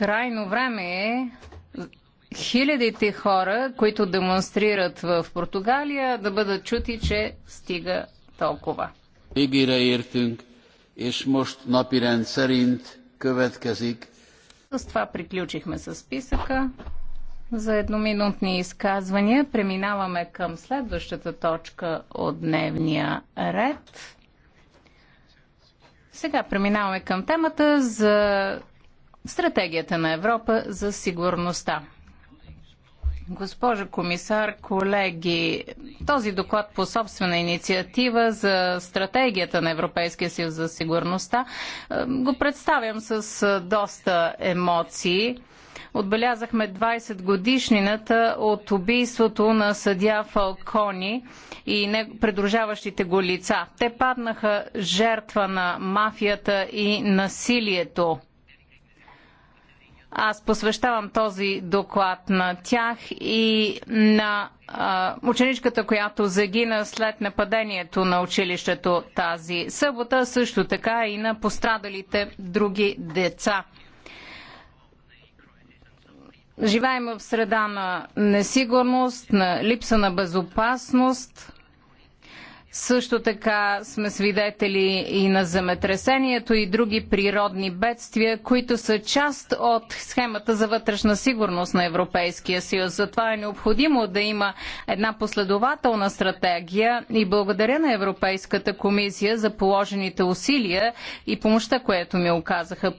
Крайно време е хилядите хора, които демонстрират в Португалия, да бъдат чути, че стига толкова. С това приключихме с списъка за едноминутни изказвания. Преминаваме към следващата точка от дневния ред. Сега преминаваме към темата за стратегията на Европа за сигурността. Госпожа комисар, колеги, този доклад по собствена инициатива за стратегията на Европейския съюз за сигурността е, го представям с е, доста емоции. Отбелязахме 20 годишнината от убийството на съдя Фалкони и не придружаващите го лица. Те паднаха жертва на мафията и насилието аз посвещавам този доклад на тях и на ученичката, която загина след нападението на училището тази събота, също така и на пострадалите други деца. Живеем в среда на несигурност, на липса на безопасност също така сме свидетели и на земетресението и други природни бедствия, които са част от схемата за вътрешна сигурност на Европейския съюз. Затова е необходимо да има една последователна стратегия и благодаря на Европейската комисия за положените усилия и помощта, която ми оказаха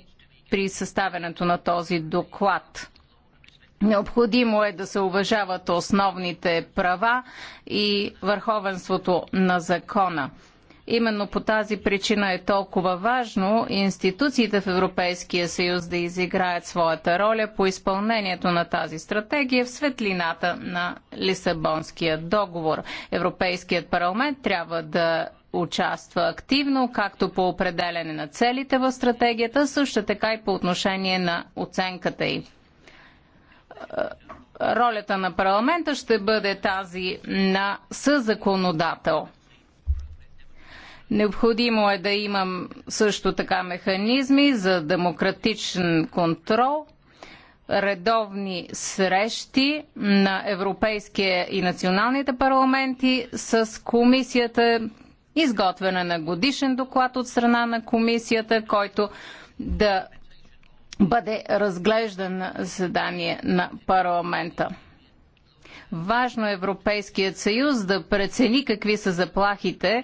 при съставянето на този доклад. Необходимо е да се уважават основните права и върховенството на закона. Именно по тази причина е толкова важно институциите в Европейския съюз да изиграят своята роля по изпълнението на тази стратегия в светлината на Лисабонския договор. Европейският парламент трябва да участва активно, както по определене на целите в стратегията, също така и по отношение на оценката й ролята на парламента ще бъде тази на съзаконодател. Необходимо е да имам също така механизми за демократичен контрол, редовни срещи на Европейския и националните парламенти с комисията, изготвяне на годишен доклад от страна на комисията, който да бъде разглеждан на заседание на парламента. Важно е Европейският съюз да прецени какви са заплахите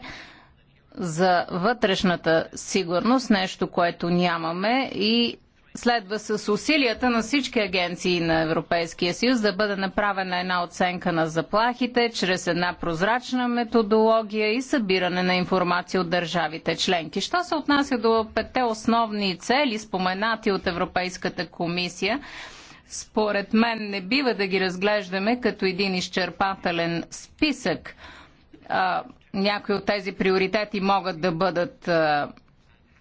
за вътрешната сигурност, нещо, което нямаме и следва с усилията на всички агенции на Европейския съюз да бъде направена една оценка на заплахите чрез една прозрачна методология и събиране на информация от държавите членки. Що се отнася до петте основни цели, споменати от Европейската комисия, според мен не бива да ги разглеждаме като един изчерпателен списък. някои от тези приоритети могат да бъдат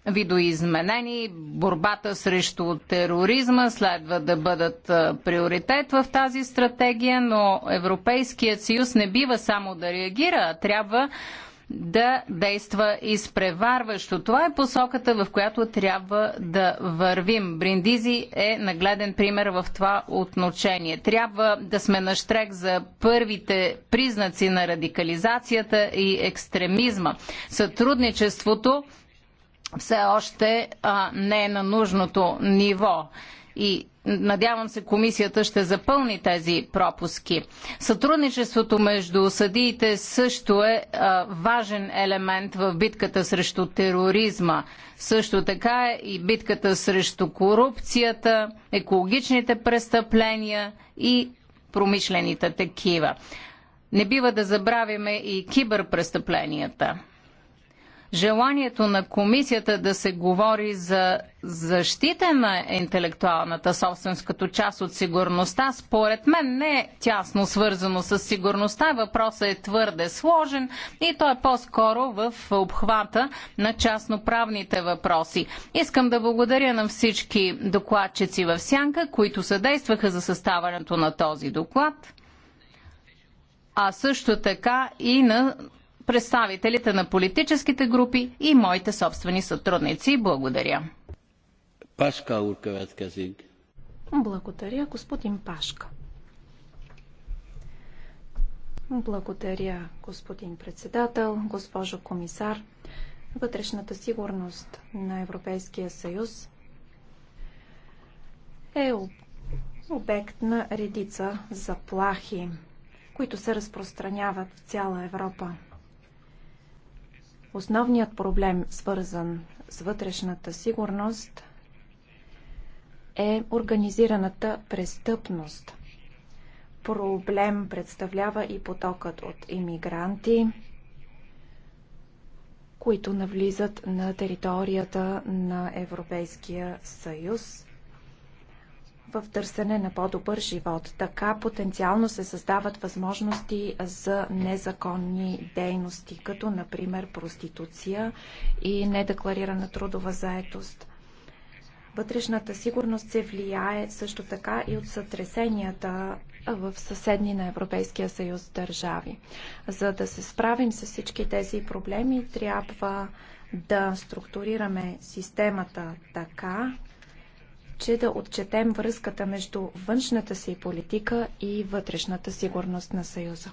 видоизменени. Борбата срещу тероризма следва да бъдат приоритет в тази стратегия, но Европейският съюз не бива само да реагира, а трябва да действа изпреварващо. Това е посоката, в която трябва да вървим. Бриндизи е нагледен пример в това отношение. Трябва да сме на штрек за първите признаци на радикализацията и екстремизма. Сътрудничеството все още а, не е на нужното ниво. И надявам се комисията ще запълни тези пропуски. Сътрудничеството между съдиите също е а, важен елемент в битката срещу тероризма. Също така е и битката срещу корупцията, екологичните престъпления и промишлените такива. Не бива да забравяме и киберпрестъпленията желанието на комисията да се говори за защита на интелектуалната собственост като част от сигурността, според мен не е тясно свързано с сигурността. Въпросът е твърде сложен и той е по-скоро в обхвата на частноправните въпроси. Искам да благодаря на всички докладчици в Сянка, които съдействаха за съставането на този доклад а също така и на представителите на политическите групи и моите собствени сътрудници. Благодаря. Пашка Уркавец Казик. Благодаря, господин Пашка. Благодаря, господин председател, госпожо комисар. Вътрешната сигурност на Европейския съюз е обект на редица заплахи, които се разпространяват в цяла Европа. Основният проблем, свързан с вътрешната сигурност, е организираната престъпност. Проблем представлява и потокът от иммигранти, които навлизат на територията на Европейския съюз в търсене на по-добър живот. Така потенциално се създават възможности за незаконни дейности, като например проституция и недекларирана трудова заетост. Вътрешната сигурност се влияе също така и от сътресенията в съседни на Европейския съюз държави. За да се справим с всички тези проблеми, трябва да структурираме системата така, че да отчетем връзката между външната си политика и вътрешната сигурност на Съюза.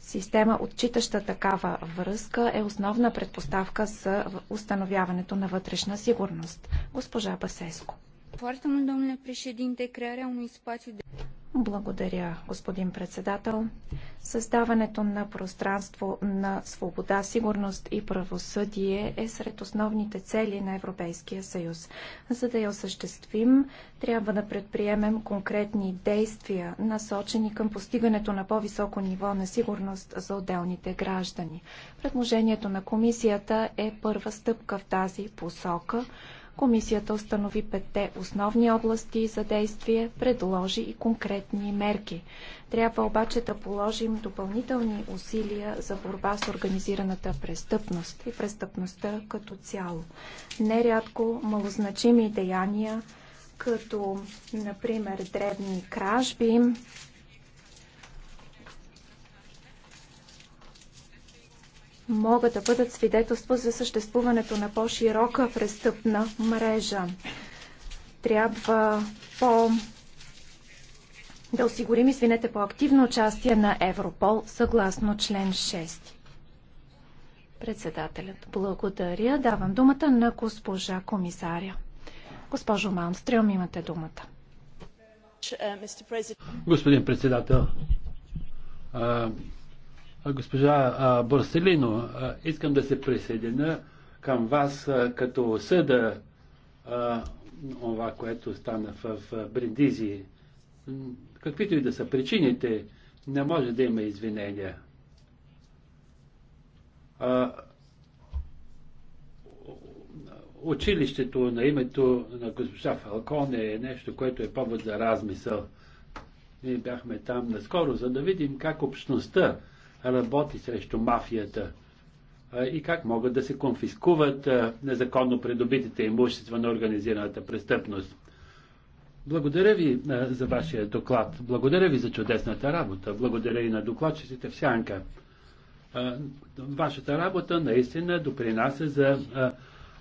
Система, отчитаща такава връзка, е основна предпоставка за установяването на вътрешна сигурност. Госпожа Басеско. Благодаря, господин председател. Създаването на пространство на свобода, сигурност и правосъдие е сред основните цели на Европейския съюз. За да я осъществим, трябва да предприемем конкретни действия, насочени към постигането на по-високо ниво на сигурност за отделните граждани. Предложението на комисията е първа стъпка в тази посока Комисията установи петте основни области за действие, предложи и конкретни мерки. Трябва обаче да положим допълнителни усилия за борба с организираната престъпност и престъпността като цяло. Нерядко малозначими деяния, като, например, дребни кражби, могат да бъдат свидетелство за съществуването на по-широка престъпна мрежа. Трябва по да осигурим, извинете, по-активно участие на Европол, съгласно член 6. Председателят, благодаря. Давам думата на госпожа комисаря. Госпожо Малмстрем, имате думата. Е, Господин председател, Госпожа Борселино, искам да се присъединя към вас, като осъда това, което стана в Бриндизи. Каквито и да са причините, не може да има извинения. Училището на името на госпожа Фалкон е нещо, което е повод за размисъл. Ние бяхме там наскоро, за да видим как общността работи срещу мафията и как могат да се конфискуват незаконно придобитите имущества на организираната престъпност. Благодаря ви за вашия доклад. Благодаря ви за чудесната работа. Благодаря и на докладчиците в Сянка. Вашата работа наистина допринася за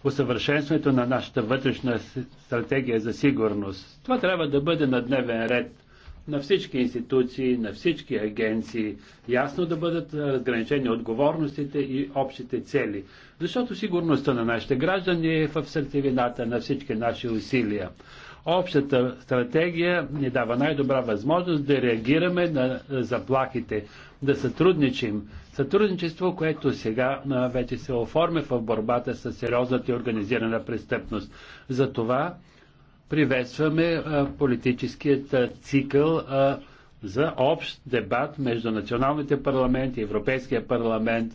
усъвършенстването на нашата вътрешна стратегия за сигурност. Това трябва да бъде на дневен ред на всички институции, на всички агенции, ясно да бъдат разграничени отговорностите и общите цели. Защото сигурността на нашите граждани е в сърцевината на всички наши усилия. Общата стратегия ни дава най-добра възможност да реагираме на заплахите, да сътрудничим. Сътрудничество, което сега вече се оформя в борбата с сериозната и организирана престъпност. Затова приветстваме политическият цикъл за общ дебат между националните парламенти и Европейския парламент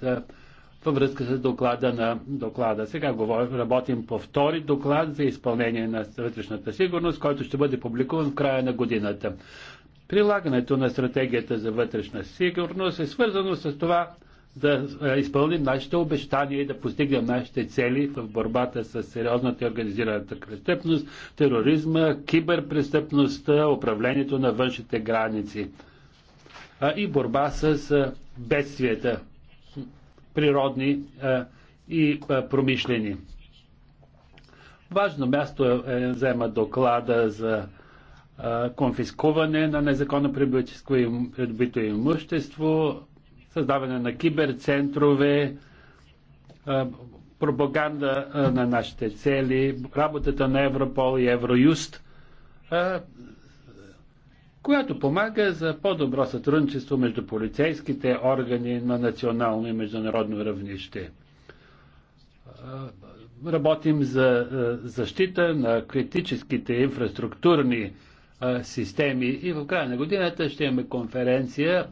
във връзка с доклада на доклада. Сега говорим, работим по втори доклад за изпълнение на вътрешната сигурност, който ще бъде публикуван в края на годината. Прилагането на стратегията за вътрешна сигурност е свързано с това да изпълним нашите обещания и да постигнем нашите цели в борбата с сериозната и организираната престъпност, тероризма, киберпрестъпността, управлението на външните граници и борба с бедствията, природни и промишлени. Важно място е, е взема доклада за конфискуване на незаконно придобито имущество, създаване на киберцентрове, пропаганда на нашите цели, работата на Европол и Евроюст, която помага за по-добро сътрудничество между полицейските органи на национално и международно равнище. Работим за защита на критическите инфраструктурни системи и в края на годината ще имаме конференция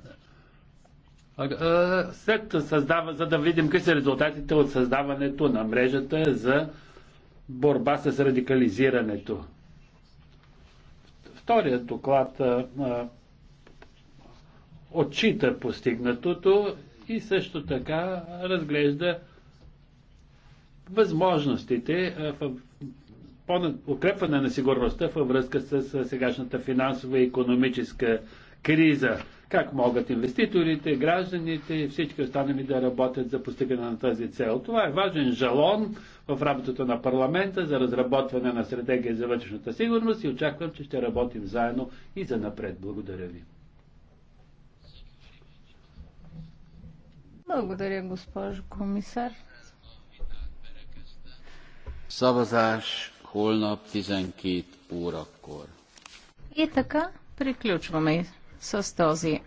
след създава, за да видим какви са резултатите от създаването на мрежата за борба с радикализирането. Вторият доклад а, отчита постигнатото и също така разглежда възможностите в укрепване на сигурността във връзка с сегашната финансова и економическа криза как могат инвеститорите, гражданите и всички останали да работят за постигане на тази цел? Това е важен жалон в работата на парламента за разработване на стратегия за вътрешната сигурност и очаквам, че ще работим заедно и за напред. Благодаря ви. Благодаря, госпожо комисар. Szavazás holnap 12 И така приключваме с този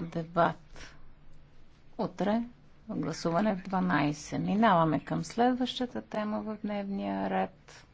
дебат. Утре гласуване в 12. Минаваме към следващата тема в дневния ред.